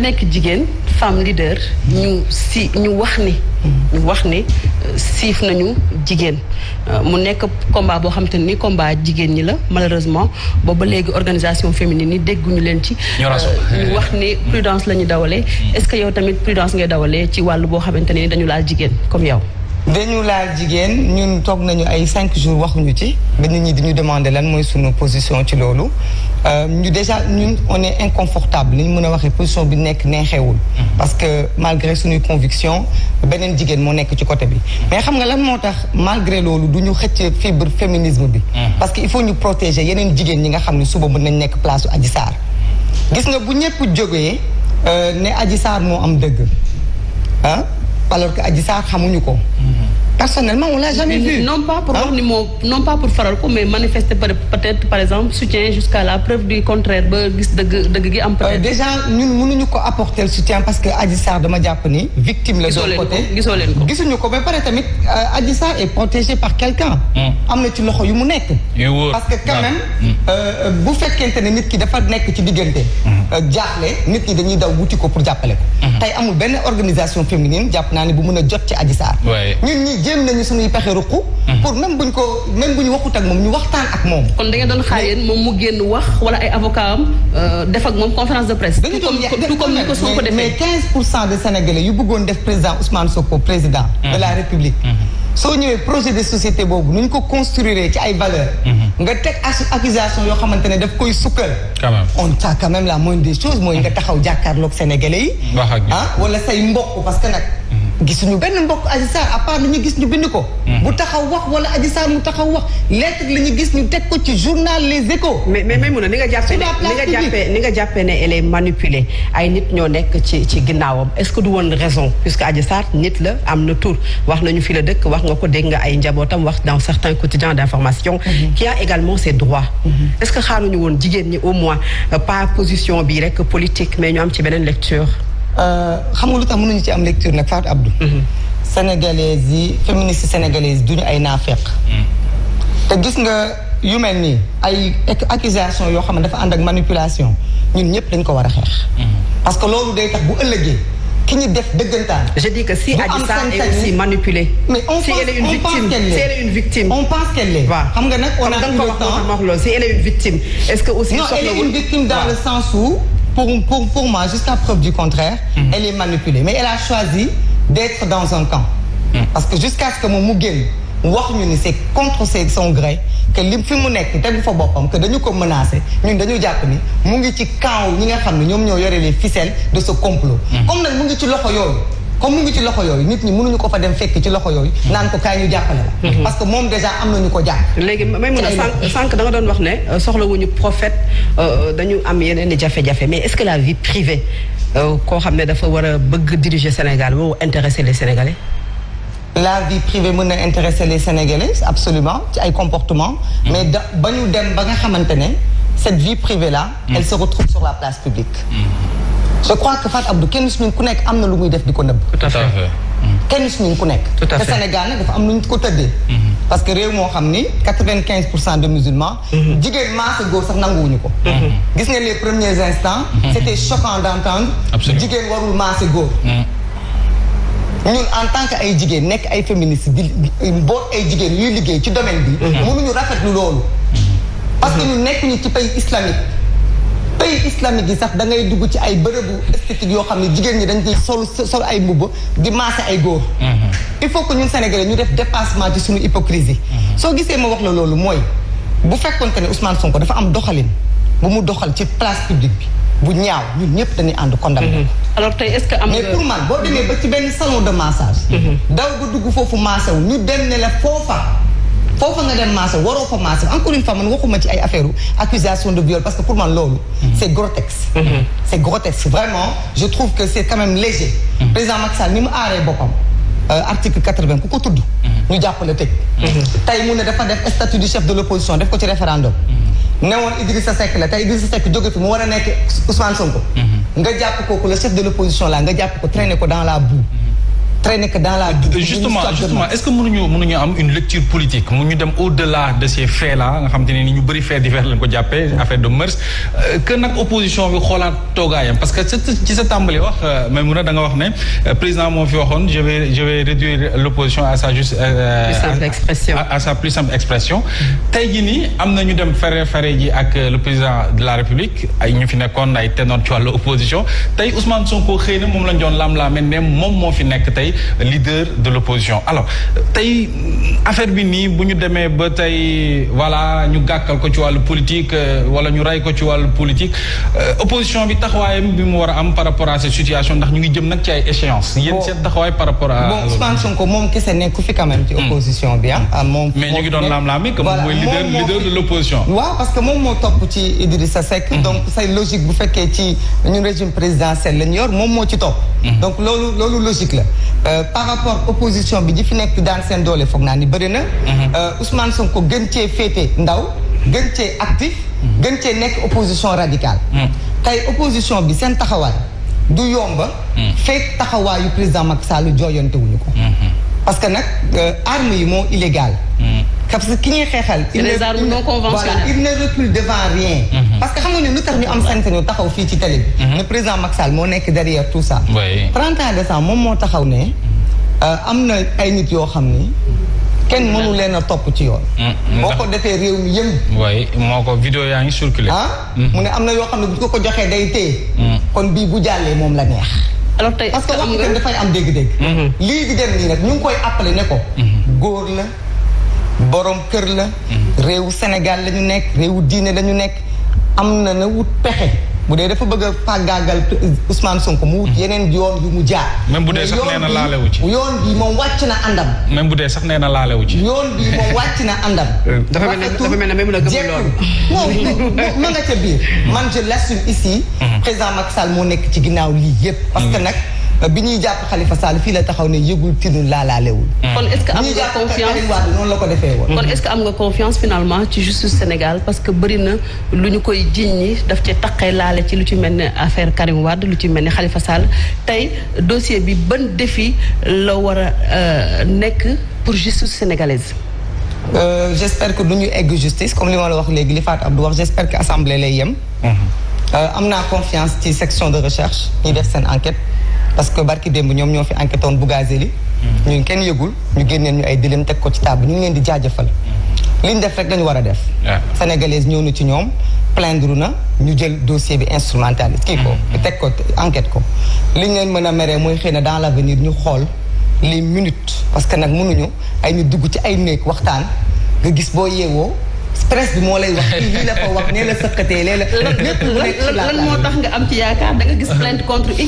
nekk jigéen femme leader ñu si ñu wax ni ñu wax ni euh, siif nañu jigéen euh, mu nekk combat boo xam te ni combat jigéen ñi la malheureusement booba léegi organisation féminine yi dégguñu leen ci ñu euh, wax ni prudence lañu ñu dawalee mm. est-ce que yow tamit prudence ngay dawalee ci wàll boo xamante ni dañu laal jigéen comme yow dañu laal jigéen ñun toog nañu ay cinq jours waxuñu ci ba nit ñi di ñu demander lan mooy suñu position ci loolu euh, ñu déjà ñun on est inconfortable li ñu mën a waxee position bi nekk neexewul parce que malgré suñuy conviction beneen jigéen moo nekk ci côté bi mais xam nga lan moo tax malgré loolu du ñu xëcc fibre féminisme bi mm. parce que il faut ñu protéger yeneen jigéen ñi nga xam ne suba mën nañ nekk place Adji Sarr gis nga bu ñëpp jógee euh, ne Adji Sarr moo am dëgg ah alors que Adji xamuñu ko personnellement on l'a jamais vu. non pas pour ah. wax ni moom non pas pour faral ko mais manifester peut-être par exemple soutien jusqu'à la preuve du contraire ba gis dëgg gi am. peut euh, déjà ñun mënuñu ko apporter le soutien parce que Adji Sarr dama jàpp ni. victime la doon côté gisoo leen ko gisuñu ko ba pare tamit euh, Adji Sarr est par quelqu'un hmm. am na ci loxo yu mu nekk. parce que quand même. Hmm. Euh, bu fekkente ne nit ki dafa nekk ci diggante. Hmm. jaaxle nit ñi dañuy daw wuti ko pour jàppale ko. tey amul benn organisation féminine jàpp naa ne bu mën a jot ci Adji Sarr. jéem nañu suñuy pexe ruqu mhm. pour même buñ ko même bu ñu waxut ak moom ñu waxtaan ak moom kon da ngeen doon xaar moom mu génn wax wala ay avocat am euh, def ak moom conférence de presse dañu doon tout comme ni ko Sonko defee mais quinze pour cent des Sénégalais yu bëggoon def président Ousmane Sonko président de la mhm. République mhm. soo ñëwee projet de société boobu nu ñu ko construire ci ay valeur nga teg accusation yoo xamante ne daf koy sukkal on a quand même la moindre des choses mooy nga taxaw jàkkaarloog Sénégalais yi ah wala say parce que nag gisuñu benn mbokk Adji Sarr à part li ñu gis ñu bind ko. Hmm. bu taxaw wax wala Adji Sarr mu taxaw wax lettre la ñu gis ñu teg ko ci journal Les Échos. mais mais mais mun na ni nga jàppee ne ni nga jàppee ni nga ne elle est ay nit ñoo nekk ci ci ginnaawam est-ce que du woon raison puisque Adji Sarr nit la am na tur wax nañu fi la dëkk wax nga ko dégg nga ay njabootam wax dans certains quotidiens d'information. Mhm. qui a également ses droits. Mhm. est-ce que xaaruñu woon jigéen ñi au moins euh, pas position bi rek politique mais am ci beneen lecture. Euh, xam nga lu tax mënuñu ci am lecture nag Fatou Abdou. Mhm. sénégalaises yi féministes sénégalaises duñu ay naafeq. Mhm. te gis nga yu mel nii ay accusation yoo xam ne dafa ànd manipulation ñun ñëpp dañ ko war a xeex. Mhm. parce que loolu day tax bu ëllëgee. ki ñu def dëggantaan. je dis que si Adji Sarr est mais on pense si elle victime on pense qu'elle l'est. waaw xam nga nag on a. tout le temps si elle est une victime. est-ce que aussi. non elle est victime dans le sens où. pour, pour, pour moi, jusqu'à preuve du contraire, mm. elle est manipulée. Mais elle a choisi d'être dans un camp. Mm. Parce que jusqu'à ce que mon Mougen, c'est contre son gré, que li fi mu nekk tegu fa boppam que dañu ko menacé ñun dañu jàpp ni mu ngi ci camp ñi nga xam ne ñoom ñoo yore les ficelles de ce complot. Mhm. comme nag mu ngi ci loxo yooyu. comme mu ngi ci loxo yooyu nit ñi mënuñu ko fa dem fekk ci loxo yooyu naan ko kaay ñu jàppale la mhm. parce que moom déjà am nañu ko jàpp léegi may mun a sànq da doon wax ne soxla euh, wu soxlawuñu prophète euh, euh, dañu am yeneen i jafe-jafe mais est-ce que la vie privée koo xam ne dafa war a bëgg diriger Sénégal boobu intéresser les Sénégalais la vie privée mën na intéresser les Sénégalais absolument ci ay comportement mhm. mais da ba ñu dem ba nga xamante ne cette vie privée là mhm. elle se retrouve sur je crois que Fat Abdou kenn suñu ku nekk am na lu muy def di ko nëbb. kenn suñu ku nekk. tout à fait Sénégal nag dafa am lu ñu ko tëddee. Mm-hmm. parce que réew moo xam ni quatre-vingt-quinze pour cent de musulmans. Mm-hmm. jigéen maase góor sax ñu ko. Mm-hmm. gis nga les premiers instants. c'était choquant d'entendre. jigéen warul maase góor. ñun en tant que ay jigéen nekk ay féministes di mboot ay jigéen yuy liggéey ci domaine bi. mënuñu rafetlu loolu. parce que ñu nekk ñu ci pays islamique. pays islamique yi sax da dugg ci ay bërëbu esthétique yoo xam ne jigéen ñi dañ ciy sol sol ay mbubb di maase ay góor mhm. il faut que ñun sénégalais ñu def dépassement ci suñu hypocrisie mhm. soo gisee ma wax la loolu mooy bu fekkoon que ne son ko dafa am doxalin bu mu doxal ci place publique bi bu ñaaw ñu ñëpp dañuy ànd condamné mhm. alors tey est-ce que am mais pour man boo demee ba ci benn salon de massage daw ba dugg foofu massé wu ñu dem ne la foofa foofa nga dem marché waroo fa marché encore une fois man waxuma ci ay affaire accusation de viol parce que pour man loolu mhm. c'est grotesque mhm. c'est grotesque vraiment je trouve que c'est quand même léger mhm. président Macky Sall ni mu aaree boppam euh, article ku ko tudd ñu jàppale tëj tey mu ne dafa def statut du chef de l'opposition def ko ci référendum newoon Idrissa Seck la tey Idrissa Seck jóge fi mu war a nekk Ousmane Sonko nga jàpp kooku le chef de l'opposition traîner que dans la. Euh, justement justement est-ce que mënuñu mënuñu am une lecture politique mu ñu dem au-delà de ces faits nga xam ne ni ñu bëri faits divers lañ ko jàppee affaire de mœurs euh, que nag opposition bi xoolaat toogaayam parce que ci sa tàmbali wax euh, Maimouna da nga wax ne président moo fi waxoon je vais je réduire l'opposition à sa juste. à sa plus simple expression. tey jii ni am na ñu dem fere fere ji ak le président de la république ay ñu fi nekkoon ay ténor ci wàllu opposition tey Ousmane Sonko xëy na moom lañ doon lam-laame ne moom moo fi nekk tey. tey leader de l'opposition alors tey affaire bi nii bu ñu demee ba tey voilà ñu gàkkal ko ci wàllu politique euh, wala ñu rey ko ci wàllu politique euh, opposition bi taxawaayam bi mu war a am par rapport à cette situation ndax ñu ngi jëm nag ci ay échéances yéen seen taxawaay par rapport à bon Ousmane Sonko moom kese nekku fi quand ci hmm. opposition bi ah, ah moom mais ñu ngi doon laam-laami que moom mooy leader leader de l'opposition que moom moo topp ci Idrissa Seck hmm. donc say logique bu fekkee ci ñun régime présidentiel lañu moom moo ci topp hmm. la Euh, par rapport opposition bi ñi fi nekk daan seen doole foog naa ni bëri na. Mhm. Euh, Ousmane Sonko gën cee féete ndaw gën cee actif. Mhm. gën cee nekk opposition radicale. Mhm. tey opposition bi seen taxawaay du yomba. fekk taxawaayu président Macky Sall jooyante ko. parce que nag euh, armes yi moo illégal. parce que ki ñuy xeexal. il ne recule devant rien. Mhm. parce que xam nga ne lu tax ñu am sañ sañu taxaw fii ci télé bi. Mhm. le président moom moo taxaw ne euh, am na ay nit yoo xam ni. kenn mënu leen a topp ci yoon. Mhm. boo ko defee réew mi yëngu. moo ko vidéo yaa ngi circulé. ah mu ne am na yoo xam ne bu ko ko joxee day téye. kon bii bu jàllee moom la neex. alors tey parce que dafay am dégg-dégg. lii di dem nii nag ñu ngi koy appelé ne ko. góor la. borom kër la mhm. réewu senegal la ñu nekk réewu diine la ñu nekk am na na wut pexe bu dee dafa bëgg a fàggaagal Ousmane Sonko mu wut mhm. yeneen yoon yu mu jaa même bu dee sax nee na laalewu ci yoon bi moom wàcc na àndam même bu dee sax nee na laalewu ci yoon bi moom wàcc na andam euh, dafa mel ne même la gëm loolu non ma nga ca biir mhm. man je l'assume ici président Macky Sall moo nekk ci ginnaaw lii yépp parce que nag bi ñuy jàpp Khalifa Sall fii la taxaw ne yëgul tidul laalaalewul. Mm. kon est-ce que am nga confiance noonu la ko defee woon. kon est-ce que nga confiance finalement ci justice Sénégal parce que bëri na lu ñu koy jiñ ñi daf ci taqee laale ci lu ci mel ne affaire Karim Wade lu ci mel ni Khalifa Sall tey dossier bi ban defi la war a euh, nekk pour justice sénégalaise. Euh, j'espère que du ñu egg justice comme li ma la wax léegi li Fatou Abdou wax j'espère que assemblée lay yem. Mhm. Euh, am naa confiance ci section de recherche ñu def seen enquête. parce que barki démb ñoom ñoo fi enquête woon Bougazelli mm-hmm. ñun kenn yëgul ñu génneen ñu ay dilem teg ko ci table ñu ngi leen di jaajëfal mm-hmm. li ñu def rek dañu war a def sénégalaise ñëw na ci ñoom plaindre na ñu jël dossier bi instrumentaliste kii ko mm-hmm. teg ko enquête ko li ñu leen mën a meree mooy xëy na dans l' avenir ñu xool li minutes parce que nag mënuñu ay ñu dugg ci ay néeg waxtaan nga gis boo yeewoo presse bi moo lay wax kii lii la ko wax nee la sëqatee lee la lépp lu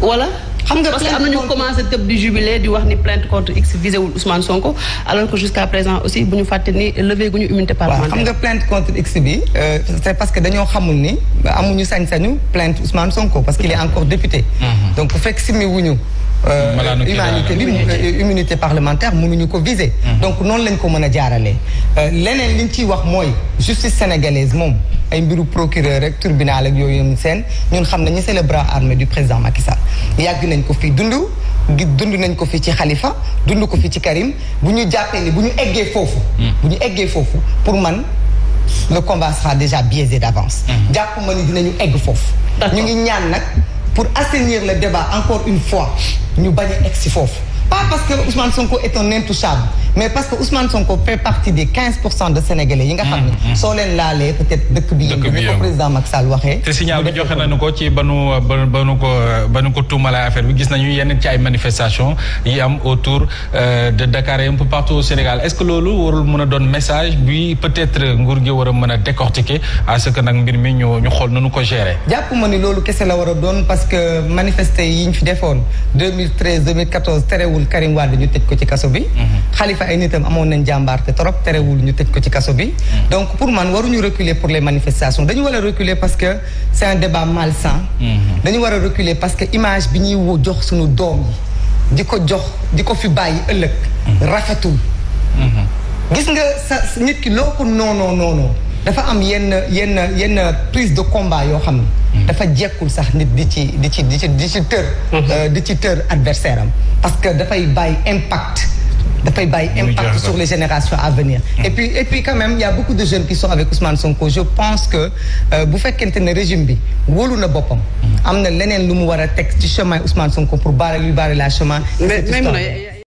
voilà xam nga parce am na ñu commencé tëb di jubilé di wax ni plainte contre x visé wul Ousmane Sonko alors que jusqu'à présent aussi bu ñu fàtte ni levé gu ñu immunité parlementaire. xam nga plainte contre x bi euh, c'est parce que dañoo xamul ni amuñu sañ-sañu plainte Ousmane Sonko parce qu'il est encore député. Mm-hmm. donc fekk simi wuñu immunité euh, bi euh, immunité parlementaire mënuñu ko viser. Mm-hmm. donc noonu lañ ko mën a jaarale leneen liñ ciy wax mooy justice sénégalaise moom. ay mbiru procureur rek tribunal ak yooyu seen ñun xam nañu c'est le bras armé du président Macky yàgg nañ ko fi dund dund nañ ko fi ci xalifa dund ko fi ci Karim bu ñu jàppee ni bu ñu eggee foofu hmm. bu ñu eggee foofu pour man le combat sera déjà biaisé d'avance hmm. jàpp ma ni dinañu egg foofu ñu ngi ñaan nag pour assainir le débat encore une fois ñu bañ a egg si foofu pas parce que Ousmane Sonko est un intouchable mais parce que Ousmane Sonko fait partie des 15 pour cent de sénégalais yi nga xam ne. Mm-hmm. soo leen laalee peut-être dëkk bi. dëkk bi ko président Macky Sall waxee. te signal bi joxe nañu ko ci ba banu ko banu ko tuumalee affaire bi gis nañu yenn ci ay manifestations yi am autour euh, de Dakar et un peu partout au Sénégal est-ce que loolu warul mën a doon message bi peut-être nguur gi war a mën a décortiquer à ce que nag mbir mi ñu ñu xool nu ñu ko gérer. jàpp ma ni loolu kese la war a doon parce que manifester yi ñu fi defoon 2013 2014 terewul Karim Wade ñu tëj ko ci kaso bi. Mm-hmm. ay nitam amoon nañ jàmbaarte trop terewul ñu tëj ko ci kaso bi. Mm. donc pour man waruñu reculer pour les manifestations dañu war a reculer parce que c'est un débat mm-hmm. dañu war a reculer parce que image bi ñuy woo jox suñu doom yi di ko jox di ko fi bàyyi ëllëg. Mm-hmm. rafetul. Mm-hmm. gis nga sa nit ki loo ko noonoo noonoo dafa am yenn yenn yenn prise de combat yoo xam ne. dafa jekkul sax nit di ci di ci di ci di ci tër. Euh, di ci tër adversaire am parce que dafay bàyyi impact. dafay bàyyi impact sur les générations à venir hmm. et puis et puis quand même i y a beaucoup de jeunes qui sont avec Ousmane Sonko je pense que euh, bu fekkente ne régime bi wóolu na boppam hmm. am na leneen lu mu war a teg ci chemin Ousmane Sonko pour barrer lui barrer la chemin